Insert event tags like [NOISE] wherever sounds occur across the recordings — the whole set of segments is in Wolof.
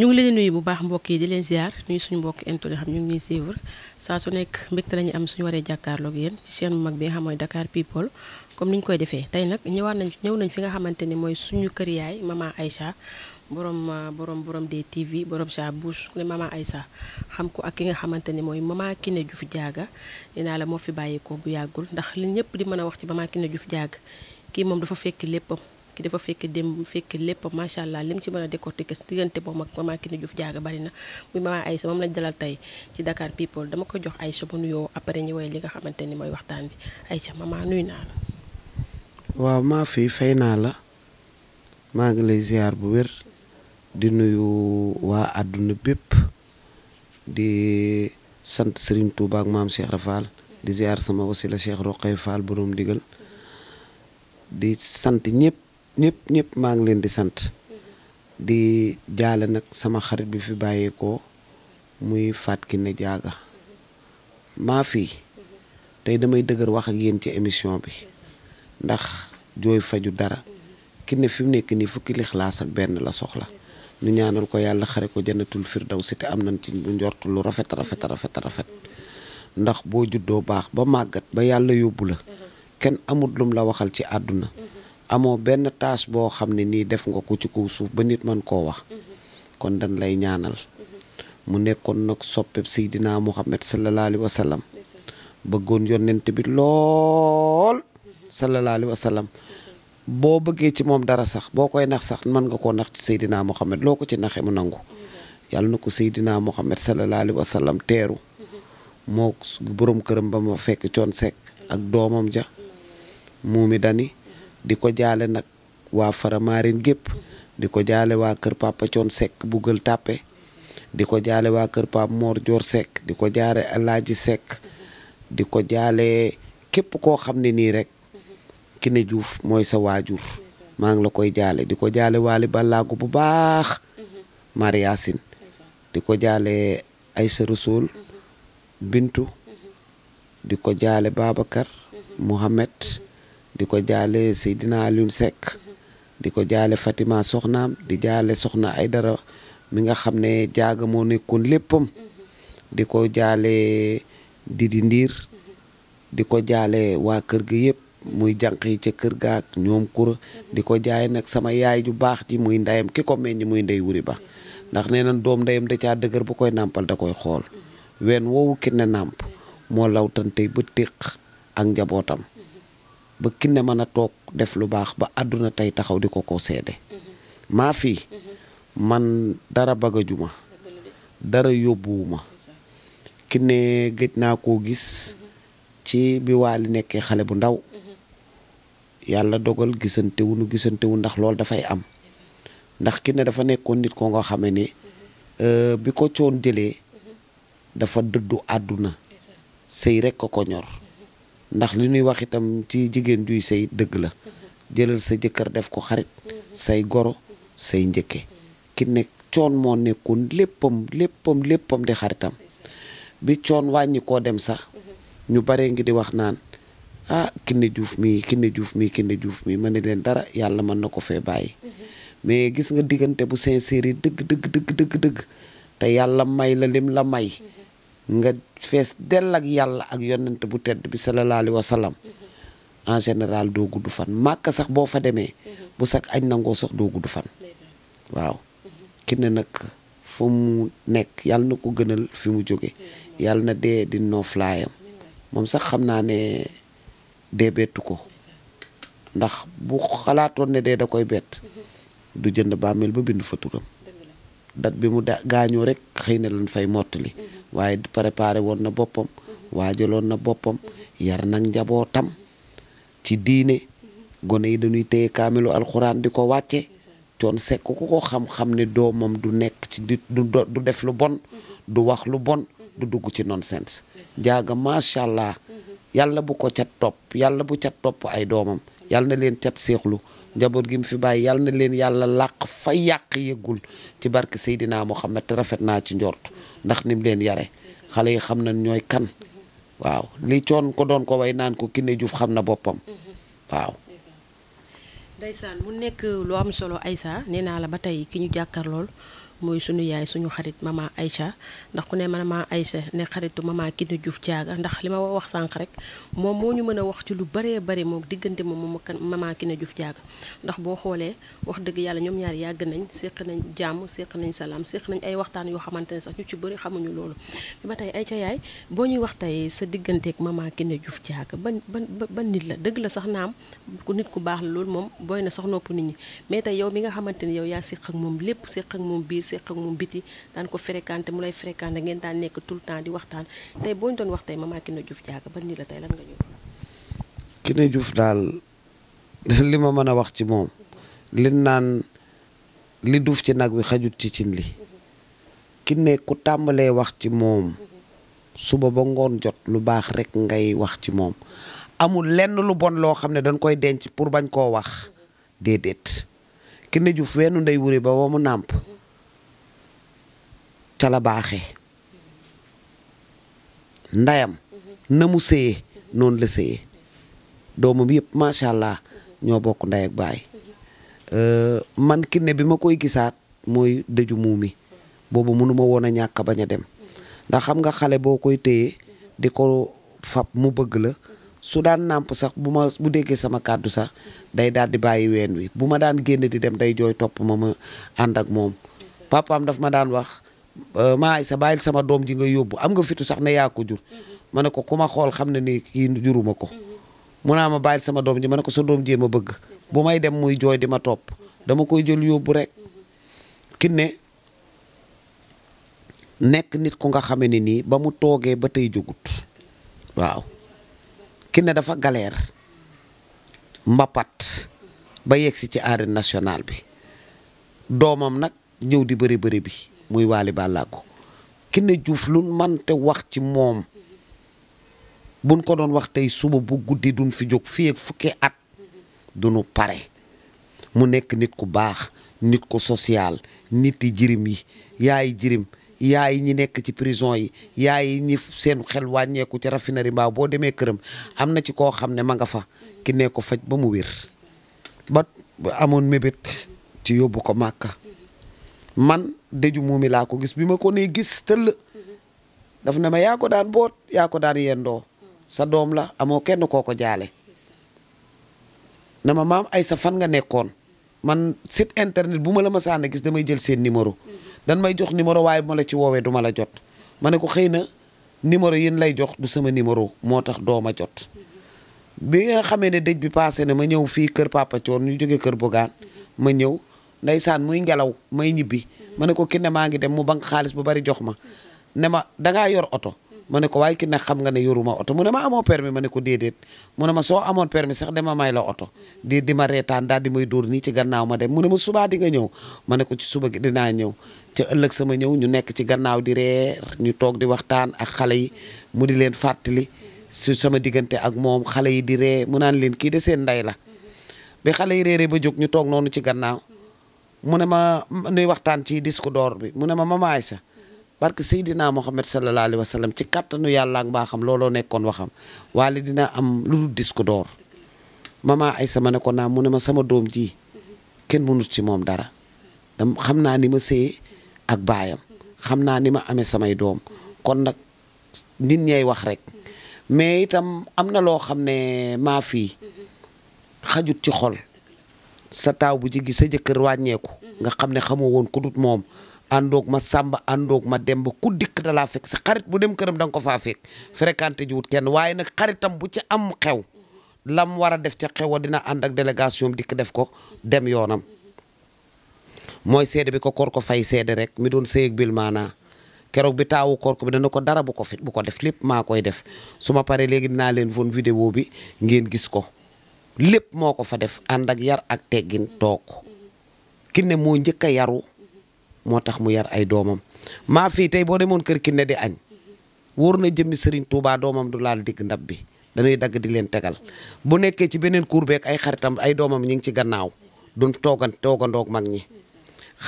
ñu ngi leen nuyu bu baax mbokk yi di leen ziar nuyu suñ mbokk intrant xam ñu ngi ñuy saa su nekk mbégte la ñu am suñu waree jàkkaarloog yéen ci chaîne bu mag bi nga xam mooy Dakar People comme ni koy defee tey nag ñëwaat nañ ñëw nañ fi nga xamante ni mooy suñu kër yaay maman Aïcha borom borom borom des TV borom sa bouche ku ne maman Aïcha xam ko ak ki nga xamante ni mooy maman Kiné Diouf Diaga nee naa la moo fi bàyyeekoo bu yàggul ndax li ñëpp di mën a wax ci maman Kiné Diouf jàgg kii moom dafa fekk léppam. ki dafa fekk démb fekk lépp macha allah lim ci mën a décortiquer si diggante moom ak maman Kiné Diouf jaaga bari na muy maman Aïssa moom lañ dalal tey ci dakaar People dama ko jox Aïssa bu nuyoo après ñu woy li nga xamante ni mooy waxtaan bi Aïssa maman nuyu naa la. waaw maa fi fay naa la maa ngi lay ziar bu wér di nuyu waa àdduna bépp di sant Serigne Touba ak maam Cheikh Rafal di ziar sama wasila Cheikh Roqay Fall borom di sant ñëpp. ñëpp ñëpp maa ngi leen di sant mm-hmm. di jaale nag sama xarit bi fi bàyyeekoo muy Fatou Kiné Diaga mm-hmm. maa fii mm-hmm. tey damay dëgër wax ak yéen ci émission bi ndax jooy faju dara ki ne fi mu nekk nii fukki lixlaas ak benn la soxla nu ñaanal ko yàlla xare ko jannatul firdaw si te am nañ ci bu njort lu rafet rafet rafet rafet ndax boo juddoo baax ba màggat ba yàlla yóbbu la kenn amut lum la waxal ci àdduna amoo benn tâche boo xam ne nii def nga ko ci ku suuf ba nit man koo wax kon dañ lay ñaanal mu nekkoon nag soppeb Seydina Muhammad sallallahu alayhi wa sallam bëggoon yonent bi lool sallallahu alayhi wa sallam boo bëggee ci moom dara sax boo koy nax sax mën nga koo nax ci Seydina Muhammad loo ko ci naxee mu nangu yàlla na ko Seydina Muhammad sallallahu alayhi wa sallam teeru moo boroom këram ba ma fekk coon sekk ak doomam ja muumi dani di ko jaale nag waa Faramaren gépp di ko jaale waa kër Papa Thione Seck bu Gueule Tapée di ko jaale waa kër Pape moor Dior sekk di ko jaale Alaaji sekk di ko jaale képp koo xam ne nii rek Kiné Diouf mooy sa waajur maa ngi la koy jaale di ko jaale Waly Ballago bu baax Mariasin di ko jaale Aïssa Rasoul Bintu di ko jaale Babacar Mohamed di ko jaale Seydina Alioune Seck di ko jaale Fatima Soxnaam di jaale Soxna dara mi nga xam ne jaaga moo nekkoon léppam di ko jaale Didi Ndiir di ko jaale waa kër gi yëpp muy janq yi ca kër gaak ñoom kura di ko jaay nag sama yaay ju baax ji muy ndeyam ki ko meññ muy ndey wuri ba ndax nee na doom ndeyam da caa dëgër bu koy nàmpal da koy xool ween woowu ki ne nàmp moo lawtantey ba téq ak njabootam ba kinne mën a toog def lu baax ba àdduna tey taxaw di ko ko seede mhm. maa fii mhm. man dara bagajuma dara yóbbuwuma kinne gëj naa koo gis mhm. ci bi waali nekkee xale bu ndaw yàlla dogal gisantewu nu gisantewu ndax loolu dafay am ndax kinne dafa nekkoon nit ko nga xame ne euh, bi ko coon jëlee dafa dëddu àdduna sëy rekk a ko ñor ndax li ñuy wax itam ci jigéen juy say dëgg la jëlal sa jëkkër def ko xarit say goro say njëkke ki nekk coon moo nekkoon léppam léppam léppam di xaritam bi coon wàññi koo dem sax ñu baree ngi di wax naan ah Kiné Diouf mii Kiné Diouf mii Kiné Diouf mii ma ne leen dara yàlla mën na ko fee bàyyi mais gis nga diggante bu sincère dëgg dëgg dëgg dëgg dëgg te yàlla may la lim la may nga fees dell ak yàlla ak yonent bu tedd bi sallallahu alayhi wa sallam mm-hmm. en général doo gudd fan màkk sax boo fa demee mm-hmm. bu sax añ nangoo sax doo gudd fan waaw mm-hmm. ki ne nag fa mu nekk yàlla na ko gënal fi mu jóge yàlla na dee di nooflaayam moom sax xam naa ne dee bettu ko ndax bu xalaatoon ne dee da koy bett du jënd bàmmeel ba bind fa turam dat bi mu gaañoo rek xëy na lañ fay mottali mm-hmm. waaye préparé woon na boppam mm-hmm. waajaloon na boppam mm-hmm. yar nag njabootam ci diine gone yi dañuy téye kaamilu alxuraan di ko wàcce coon sekk ku ko xam-xam ne doomam du nekk ci du def lu bon du wax lu bon du dugg ci nonsense jaaga macha allah yàlla bu ko cat topp yàlla bu cat topp ay doomam yàlla na leen cat seexlu njaboot gi mu fi bàyyi yàlla na leen yàlla làq fa yàq yëggul ci barke Seydina Mohamed te rafet naa ci njort ndax ni leen yare xale yi xam na ñooy kan waaw li coon ko doon ko way naan ko Kiné Diouf xam na boppam waaw. ndeysaan mu nekk lu am solo Aïssa nee naa la ba tey ki ñu jàkkaarlool. mooy suñu yaay suñu xarit maman Aïcha ndax ku ne maman Aïcha ne xaritu maman Kiné Diouf Diaga ndax li ma wax sànq rek moom moo ñu mën a wax ci lu baree bari moom diggante moom maman Kiné Diouf Diaga ndax boo xoolee wax dëgg yàlla ñoom ñaar yàgg nañ séq nañ jàmm séq nañ salaam séq nañ ay waxtaan yoo xamante ne sax ñu ci bëri xamuñu loolu ma tey Aïcha yaay boo ñuy wax tey sa digganteek maman Kiné Diouf Diaga ban ban ban nit la dëgg la sax naam ku nit ku baax la loolu moom booy na sax nopp nit ñi mais tey yow mi nga xamante ne yow yaa séq ak moom lépp séq moom biir séq ak moom biti daan ko fréquenté mu lay fréquenté ngeen daan nekk tout le waxtaan tey boo ñu doon wax tey maman Kiné Diouf Diaga ban nii la tey daal [LAUGHS] li ma mën a wax ci moom li naan li duuf ci nag wi xajut ci cin li Kiné ku tàmbalee wax ci moom suba ba ngoon jot lu baax rek ngay wax ci moom amul lenn lu bon loo xam ne dañ koy denc pour bañ koo wax déedéet Kiné Diouf weenu ndey wuri ba ba mu nàmp ca la baaxee ndayam na mu séyee noonu la séyee doomam yëpp macha allah ñoo bokk nday ak baay euh, man kinne bi ma koy gisaat mooy dëju muumi boobu mënuma woon a ñàkk bañ a dem ndax xam nga xale boo koy téye di ko fab mu bëgg la su daan nàmp sax bu ma bu déggee sama kàddu sax day daal di bàyyi ween wi bu ma daan génn di dem day jooy topp ma ma ànd ak moom papaam daf ma daan wax Euh, maa sa bàyyil sama doom ji nga yóbbu am nga fitu sax ne yaa ko jur mm-hmm. ma ne ko ku ma xool xam ne ni kii juruma ko mm-hmm. mu naa ma bàyyil sama doom ji ma ne ko sa doom jee ma bëgg bu may dem muy jooy di ma topp dama koy jël yóbbu rek mm-hmm. Kiné nekk nit ku nga xame ne nii ba mu toogee ba tey jógut waaw Kiné dafa galère mbapat ba yegsi ci arène national bi doomam nag ñëw di bëri bëri bi muy Waly Ballago Kiné juuf lu man te wax ci moom buñ ko doon wax tey suba bu guddi duñ fi jóg fii ak fukki at nu pare mu nekk nit ku baax nit ku social nit yi jirim yi yaay jirim yaay ñi nekk ci prison yi yaay ñi seen xel wàññeeku ci raffinerie mbaa boo demee këram am na ci koo xam ne ma nga fa ki ne faj ba mu wér ba amoon mébét ci yóbbu ko màkka man dëju muumi laa ko gis bi ma ko nee gis tëll daf na ma yaa ko daan boot yaa ko daan yendoo sa doom la amoo kenn koo ko jaale na ma maam ay sa fan nga nekkoon man site internet bu ma la ma saan gis damay jël seen numéro dan may jox numéro waaye bu ma la ci woowee duma la jot ma ne ko xëy na numéro yin lay jox du sama numéro moo tax doom ma jot bi nga xamee ne dëj bi passé ne ma ñëw fii kër Papa Thione ñu jóge kër Bogaan ma ñëw ndeysaan muy ngelaw may ñibbi ma ne ko kinne maa ngi dem mu banque xaalis bu bari jox ma ne ma dangaa yor oto ma ne ko waaye kinne xam nga ne yoru ma oto mu ne ma amoo permis ma ne ko déedéet mu ne ma soo amoon permis sax dama may oto di di ma reetaan daal di may dóor nii ci gannaaw ma dem mu ne ma subaa di nga ñëw ma ne ko ci suba gi dinaa ñëw ca ëllëg sama ñëw ñu nekk ci gannaaw di reer ñu toog di waxtaan ak xale yi mu di leen fàttali su sama diggante ak moom xale yi di ree mu naan leen kii de seen ndey la bi xale yi réeree ba jóg ñu toog noonu ci gannaaw mu ne ma nuy waxtaan ci disque door bi mu ne ma Mama Aïcha barke Seydina Mohamed sallallahu alayhi wa sallam ci kàttanu yàlla ak mbaaxam looloo nekkoon waxam waale dina am lu dul door d'or Mama Aïcha ma ne ko naa mu ne ma sama doom ji kenn mënut ci moom dara xam naa ni ma sëye ak baayam xam naa ni ma amee samay doom kon nag nit ñay wax rek mais itam am na loo xam ne maa fii xajut ci xol sa taaw bu jigi sa jëkkër wàññeeku mhm. nga xam ne xamoo woon ku dut moom àndoog ma sàmba àndoog ma dem ba ku dikk da laa fekk sa xarit bu dem këram da nga ko faa fekk mhm. fréquenté kenn waaye nag xaritam bu ci am xew mhm. lam war a def ca xew dina ànd ak délégation dikk def ko dem yoonam mooy seede bi ko koor ko fay seede rek mi doon séyeg bil maanaa keroog bi taawu koor bi dana ko dara bu ko fit bu ko def lépp maa koy def su ma paree léegi dinaa leen fon vidéo bi ngeen gis ko lépp moo ko fa def ànd ak yar ak teggin toog kinne moo njëkk yaru moo tax mu yar ay doomam maa fii tey boo demoon kër kinne di añ wóor na jëmmi sëriñ Touba doomam du laal digg ndab bi dañuy dagg di leen tegal bu nekkee ci beneen cour beeg ay xaritam ay doomam ñu ngi ci gannaaw duñ toogan toogandoog mag ñi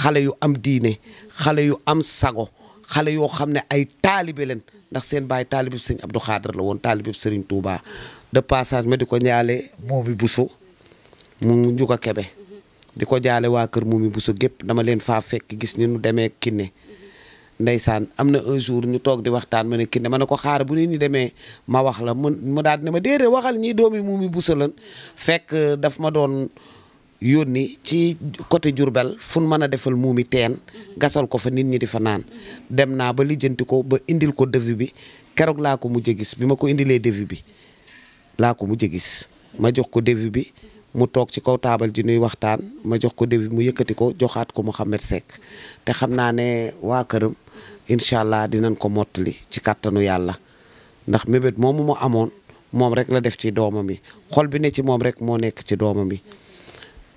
xale yu am diine xale yu am sago xale yoo xam ne ay taalibe leen ndax seen baay taalibe bi sëñ Abdou Khader la woon taalibe bi Serigne de passage ma di ko ñaale Momy Bousso mu njuga Kebe di ko jaale waa kër Momy Bousso gépp dama leen faa fekk gis ni nu demee Kiné ndeysaan am na un jour ñu toog di waxtaan ma ne Kiné ma ne ko xaar bu nit ñi demee ma wax la mu daal ne ma déedéet waxal ñii doomi Momy Bousso la fekk euh, dafa ma doon yónni ci côté Diourbel fu nu mën a defal Momy teen gasal ko fa nit ñi di fa naan dem naa ba lijjanti ko ba indil ko devis bi keroog laa ko mujj gis bi ma ko indilee devis bi laa ko mujj gis ma jox ko début bi mu toog ci kaw taabal ji nuy waxtaan ma jox ko début mu yëkkati ko joxaat ko Mouhamed Seck te xam naa ne waa këram incha allah dinañ ko mottali ci kàttanu yàlla ndax mébét moomu mu amoon moom rek la def ci doomam yi xol bi ne ci moom rek moo nekk ci doomam yi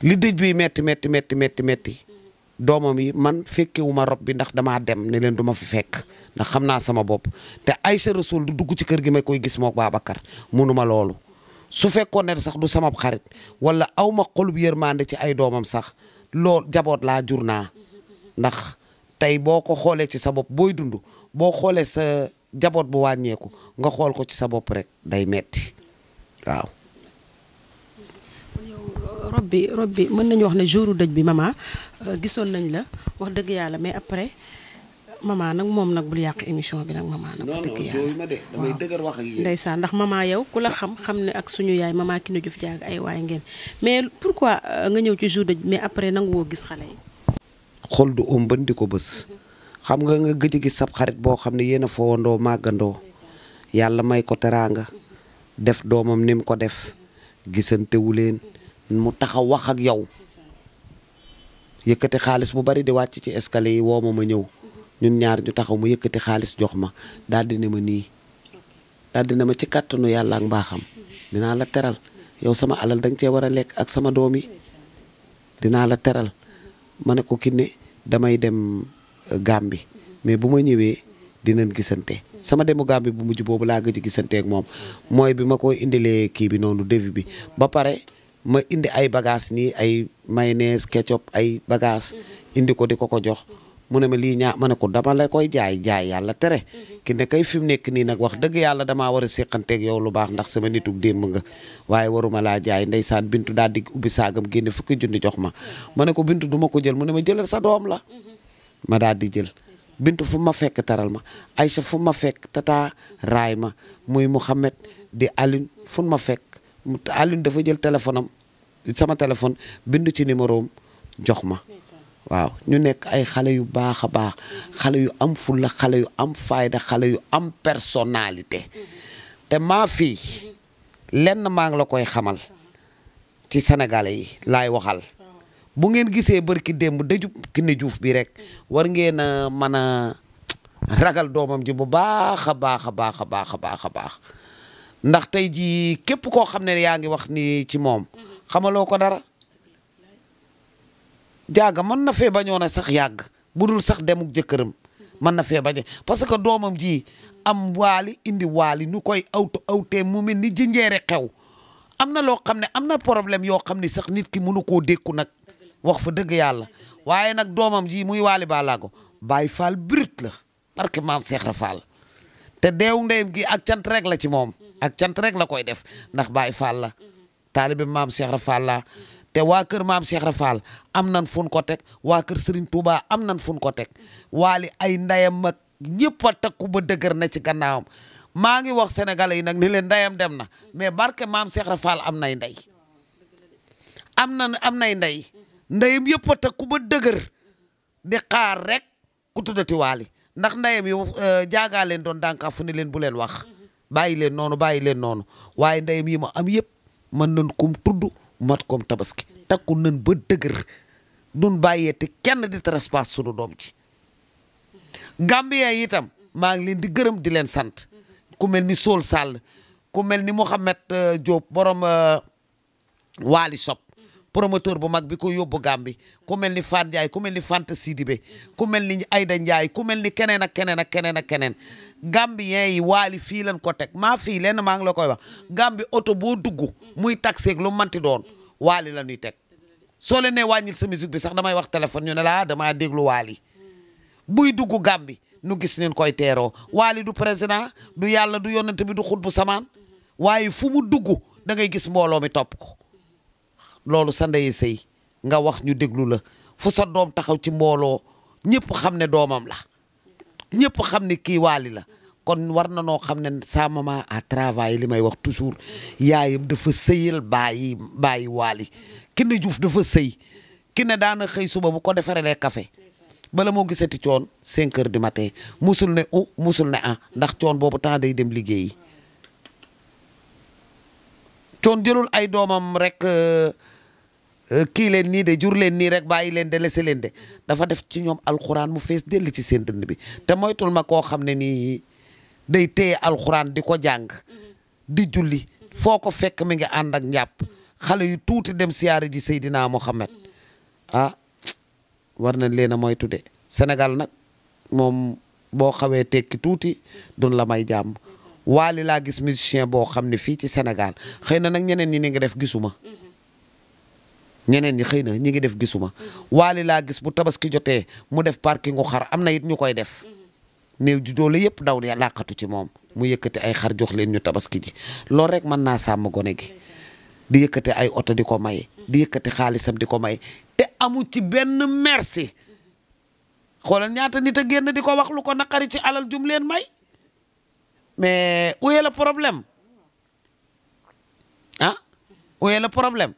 li dëj bi metti metti metti metti metti doomam yi man fekkewuma rob bi ndax damaa dem ne leen du ma fi fekk ndax xam naa sama bopp te Aïcha Rasoul du dugg ci kër gi ma koy gis mook Babacar ma loolu su fekkoon ne sax du sama xarit wala aw ma xolub yërmande ci ay doomam sax loolu jaboot laa jur naa ndax tey boo ko xoolee ci sa bopp booy dund boo xoolee sa jaboot bu wàññeeku nga xool ko ci sa bopp rek day metti waaw rob bi rob bi mën nañu wax ne jouru daj bi maman euh, gisoon nañ la wax dëgg yàlla mais après maman nag moom nag bul yàq émission bi nag maman nag wax dëgg yàlla ndeysaan ndax maman yow ku la xam xam ne ak suñu yaay maman ki na juf jaag ay waay ngeen mais pourquoi euh, nga ñëw ci jour dëj mais après nangu woo gis xale yi du om bën di ko bës xam nga nga gëj gis sab xarit boo xam ne yéen a fowandoo màggandoo yàlla may ko teraanga def doomam ni ko def gisantewuleen mu taxaw wax ak yow yëkkati xaalis bu bari di wàcc ci escalier yi woo ma ma ñëw ñun ñaar ñu taxaw mu yëkkati xaalis jox ma daal di ne ma nii daal di ne ma ci kàttanu yàlla ak mbaaxam dinaa la teral yow sama alal da cee war a lekk ak sama doom yi dinaa la teral ma ne ko Kiné damay dem euh, Gàmbi mais bu ma ñëwee dinañ gisante sama demu Gàmbi bu mujj boobu laa gëj a ak moom mooy bi ma ko indilee kii bi noonu début bi ba pare. ma indi ay bagage nii ay maynees ketchup ay bagage mhm. indi ko di ko ko jox mu ne ma lii ñaa ma ne ko dama la koy jaay jaay yàlla tere mhm. ki ne kay fi mu nekk nii nag wax dëgg yàlla damaa war a séqanteeg yow lu baax ndax sama nitug démb nga waaye waruma laa jaay ndeysaan bintu daal digg ubbi saagam génne fukki junni jox ma mhm. ma ne ko bintu duma ko jël mu ne ma jëlal sa doom la ma daal di jël bintu fu ma fekk taral ma Aïcha fu ma fekk tata raay ma muy Mouhamed di ma fekk Alioune dafa jël téléphone sama téléphone bindu ci numéro jox ma waaw ñu nekk ay xale yu baax a baax xale yu am fulla xale yu am fayda xale yu am personnalité te maa fii lenn maa ngi la koy xamal ci sénégalais yi laay waxal bu ngeen gisee bërki démb dëjub Kiné Diouf bi rek war ngeen a mën a ragal doomam ji bu baax a baax a baax a baax a baax a baax ndax tey jii képp koo xam ne yaa ngi wax ni ci moom loo ko dara jaaga mën na fee bañoon a sax yàgg budul sax demuk jëkkëram mën na fee bañ parce que doomam ji am waali indi waali nu koy awtu awtee mu mel ni jinjeere xew am na loo xam ne am na problème yoo xam ne sax nit ki mënu koo dékku nag wax fa dëgg yàlla waaye nag doomam ji muy waali balaago Baay Faal brut la parce que maam Seex Faal te deew ndeyam gi ak cant rek la ci moom ak cant rek la koy def ndax Baay Faal la taalibe maam Cheikh Ibra Fall la te waa kër maam Cheikh Ibra Fall am nan fun ko teg waa kër Serigne Touba am nan fun ko teg waali ay ndayam mag ñëpp a takku ba dëgër na ci gannaawam maa ngi wax sénégalais yi nag ni leen ndayam dem na mais barke maam Cheikh Ibra Fall am nay ndey am na am nay ndey ndeyam yëpp a takku ba dëgër di xaar rek ku tuddati waali ndax ndeyam yu euh, jaagaa leen doon dànkaa fu ne leen bu leen wax bàyyi leen noonu bàyyi leen noonu waaye ndeyam yi ma am yëpp mën nan kum tudd mat kom tabaski takku nañ ba dëgër duñ bàyyee te kenn di trespasse sunu doom ci Gambien yi itam maa ngi leen di gërëm di leen sant ku mel ni Sol Sall ku mel ni Mouhamed euh, Diop borom euh, Waali sob promoteur bu mag bi ko yóbbu Gàmbi ku mel ni Fane Ndiaye ku mel ni di Sidibé ku mel ni Ayda Ndiaye ku mel ni keneen ak keneen ak keneen ak keneen Gambien waali fii lañ ko teg maa fii lenn maa ngi la koy wax Gàmbi oto boo dugg muy taxi lu manti doon waali la ñuy teg soo leen nee wàññil sa musique bi sax damay wax téléphone ñu ne la ah, damaa déglu waali buy dugg Gàmbi nu gis neen koy teeroo waali du président du yàlla du yonent bi du xut bu samaan waaye fu mu dugg da ngay gis mbooloo mi topp ko loolu sa ndey sëy nga wax ñu déglu la fu sa doom taxaw ci mbooloo ñëpp xam ne doomam la ñëpp xam ne kii waali la kon war na noo xam ne sa maman à travail li may wax toujours yaayam dafa sëyal bàyyi bàyyi waali Kiné Diouf dafa sëy Kiné daana xëy suba bu ko defaree kafe bala moo gisati coon cinq heures du matin musul ne u musul ne ah ndax coon boobu temps day dem liggéeyi coon jëlul ay doomam rek euh, Euh, kii leen nii de jur leen nii rek bàyyi leen de lese leen de dafa def ci ñoom alxuraan mu fees dell ci seen dënn bi te moytul ma koo xam ne nii day téye alxuraan di ko jàng di julli foo ko fekk mi ngi ànd ak njàpp xale yu tuuti dem siyaare ji Seydina Mohamed ah war nañ leen a moytu de Sénégal moom boo xawee tekki tuuti dun la may jàmm waali laa gis musicien boo xam ne fii ci senegal xëy na nag ñeneen ñi ni nga def gisuma ñeneen ñi xëy na ñi ngi def gisuma waali laa gis bu tabaski jotee mu def parking u xar am na it ñu koy def néew ji doole yëpp daw di làqatu ci moom mu yëkkati ay xar jox leen ñu tabaski ji loolu rek mën naa sàmm gone gi di yëkkati ay oto di ko may di yëkkati xaalisam di ko may te amu ci benn merci xoolal ñaata nit a génn di ko wax lu ko naqari ci alal jum leen may mais où est problème ah où est problème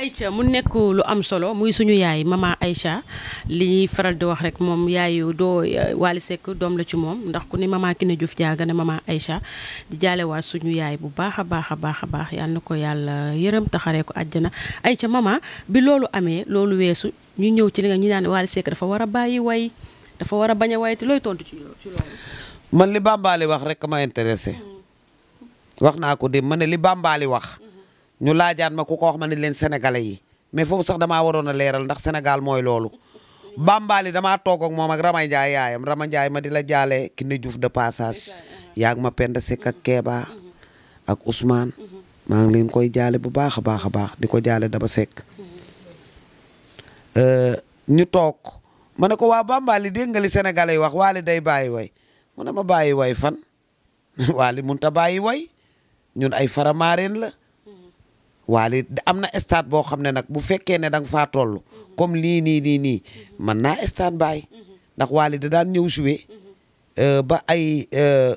Aïcha mu nekk lu am solo muy suñu yaay maman Aïcha li ñuy faral di wax rek moom yaayu doo Wally Seck doom la ci moom ndax ku ne maman Kiné Diouf Diaga ne maman Aïcha di jaalewaat suñu yaay bu baax a baax a baax a baax yal na ko yàlla yërëm taxaree ko àjjana Aïcha maman bi loolu amee loolu weesu ñu ñëw ci li nga ñu naan Wally Seck dafa war a bàyyi way dafa war a bañ a way te looy tontu ci loolu. man li Bambaali wax rek ma intéressé. Mm. wax naa ko de ma ne li Bambaali wax. Mm. ñu laajaat ma ku ko wax ma ne leen sénégalais yi mais foofu sax damaa waroon a leeral ndax Sénégal mooy loolu. Bambaali damaa toog ak moom ak ramay Ndiaye yaayam Rama Ndiaye ma di la jaale ki ne Diouf de passage yaag ma Penda Seck ak Kéba ak Ousmane maa ngi leen koy jaale bu baax a baax a baax di ko jaale Daba Seck euh, ñu toog ma ne ko waa Bambaali dégg nga li sénégalais yi wax waale day bàyyi way mu ne ma bàyyi way fan [LAUGHS] waale mënut a bàyyi way ñun ay faramareen la. waali am na stade boo xam ne nag bu fekkee ne da faa toll comme lii nii nii nii mën naa stade baay ndax waali da daan ñëw jouer euh, ba ay euh,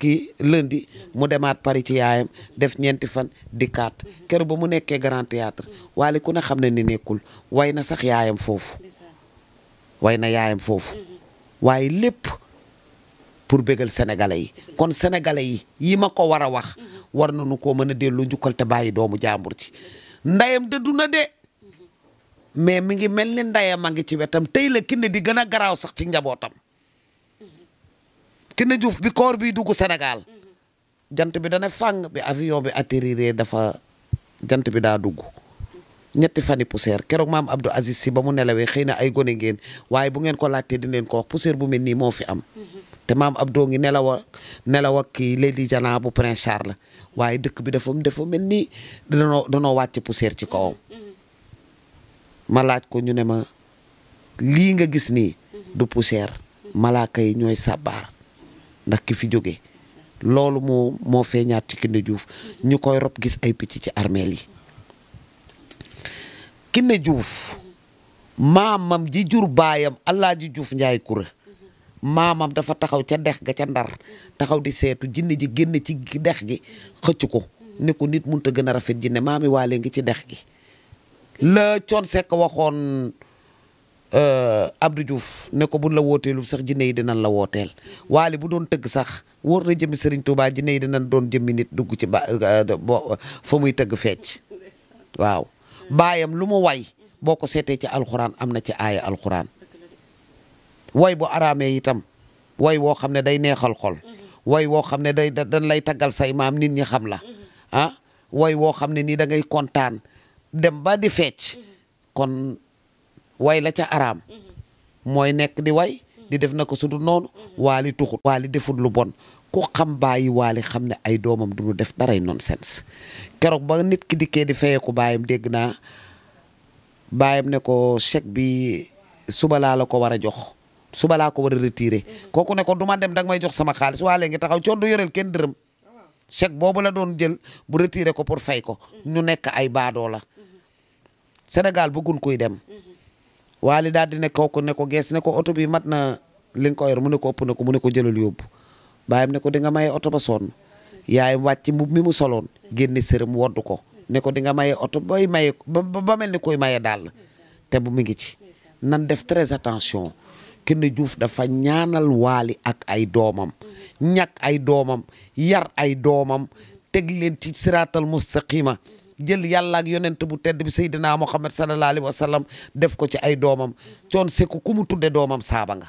kii lundi mu demaat Paris ci yaayam def ñeenti fan dikkaat kër ba mu nekkee grand théâtre waali ku ne xam ne ni nekkul way na sax yaayam foofu way na yaayam foofu waaye lépp pour bégal sénégalais yi kon sénégalais yi yi ma ko war a wax war nañu koo mën a dellu njukkal te bàyyi doomu jàmbur ci ndayam dëddu na de mais mi ngi mel ni ndayam a ngi ci wetam tey la Kiné di gën a garaaw sax ci njabootam Kiné juuf bi koor bi dugg senegal jant bi dana fàng bi avion bi atterrir dafa jant bi daa dugg ñetti fani poussière keroog maam Abdou Aziz si ba mu nelawee xëy na ay gone ngeen waaye bu ngeen ko laajtee di leen ko wax bu mel nii moo fi am te maam Abdou ngi nelaw a nelaw ak kii Lady Diana bu Prince Charles waaye dëkk bi dafa dafa mel ni danoo danoo wàcc poussière ci kawam. ma laaj ko ñu ne ma lii nga gis nii du poussière malaaka yi ñooy sàbbaar ndax ki fi jóge loolu moo moo feeñaat ci Kiné ñu koy rob gis ay picc ci armeel yi Kiné Diouf maamam ji jur baayam Alaaji Diouf Njaay Kura maamam dafa taxaw ca dex ga ca ndar taxaw di seetu jinne ji génn ci dex gi xëcc ko ne ko nit munta gën a rafet jinne maami waale ngi ci dex gi la coon sekk waxoon euh, abdu juuf ne ko bu la wooteelul sax jinne yi dinañ la wooteel waale bu doon tëgg sax wóor na jëmmi Serigne Touba jinne yi dinañ doon jëmmi nit dugg ci ba euh, fa muy tëgg fecc waaw baayam lu mu way boo ko seetee ci alxuraan am na ci aaya alxuraan way bu araamee itam way woo xam ne day neexal xol mm-hmm. way woo xam ne day dañ lay taggal say maam nit ñi xam la mm-hmm. ah woo xam ne nii da kontaan dem ba di fecc mm-hmm. kon way la ca araam mooy nekk di way di def na ko su dul noonu waali tuxut waali defut lu bon ku xam bàyyi waali xam ne ay doomam duñu def daray nonsense keroog ba nit ki dikkee di fayeeku baayam dégg naa baayam ne ko chèque bi suba laa la ko war a jox suba laa ko war a retirer kooku ne ko du ma dem danga may jox sama xaalis waa léegi taxaw coon du yoreel kenn dërëm chèque boobu la doon jël bu retirer ko pour fay ko ñu nekk ay baadoo la Sénégal bëggun koy dem waali daal di ne kooku ne ko gees ne ko oto bi mat na li nga ko yor mu ne ko ëpp na ko mu ne ko jëlal yóbbu baayam ne ko di nga maye oto ba sonn yaayam wàcc mbub mi mu soloon génne sërëm wodd ko ne ko di nga maye oto bay maye ba mel ni koy maye daal te bu mi ngi ci nan def très Kene Diouf dafa ñaanal waali ak ay doomam ñàkk ay doomam yar ay doomam teg leen ci siraatal mustaqima jël yàlla ak yonent bu tedd bi Seydina Muhammad sallallahu alayhi wa sallam def ko ci ay doomam coon seku ku mu tudde doomam saabanga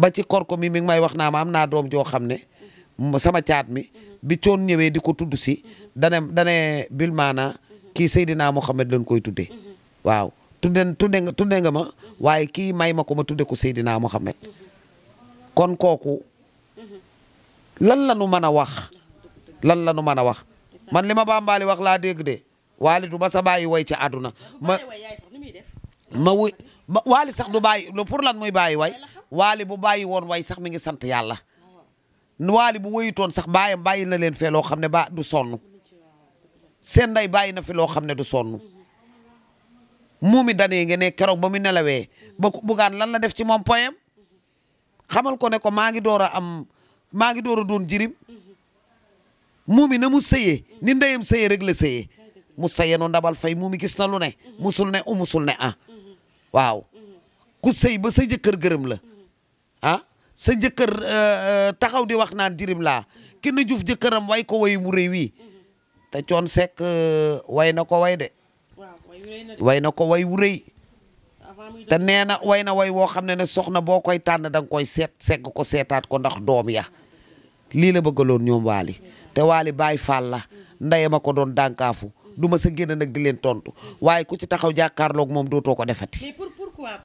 ba ci korko mi mi may wax naa ma am naa doom joo xam ne sama caat mi bi coon ñëwee di ko tudd si dane dane bilmaana kii Seydina Muhammad lañ koy tuddee waaw tudde tudde tudde nga ma waaye kii may ma ko ma tudde ku Seydina Mohamed kon kooku lan la nu mën a wax lan la nu mën a wax man li ma bàmbaali wax laa dégg de waalidu du sa bàyyi way ci àdduna ma ma wuy ma waali sax du bàyyi pour lan muy bàyyi way waali bu bàyyi woon way sax mi ngi sant yàlla waali bu wéyutoon sax baayam bàyyi na leen fee loo xam ne ba du sonn seen nday bàyyi na fi loo xam ne du sonn muumi danee nga ne keroog ba mu nelawee ba bugaan lan la def ci moom poème xamal ko ne ko maa ngi door a am maa ngi door a doon jirim muumi na mu sëyee ni ndeyam seye rek la sëyee mu sëyeenu ndabal fay muumi gis na lu ne musul ne u musul ne ah waaw ku sëy ba sa jëkkër gërëm la ah sa jëkkër euh, euh, taxaw di wax naan jirim laa kenn juuf jëkkëram way ko way mu réew wi te coon sekk euh, way na ko way de way na ko way wu te nee na way na way woo xam ne ne soxna boo koy tànn danga koy seet segg ko seetaat ko ndax doom ya lii la bëggaloon ñoom waali te waali baay faal la ndeyama ko doon dànkaafu du ma sa génn nag di leen tontu waaye ku ci taxaw jàkkaarloog moom dootoo ko defati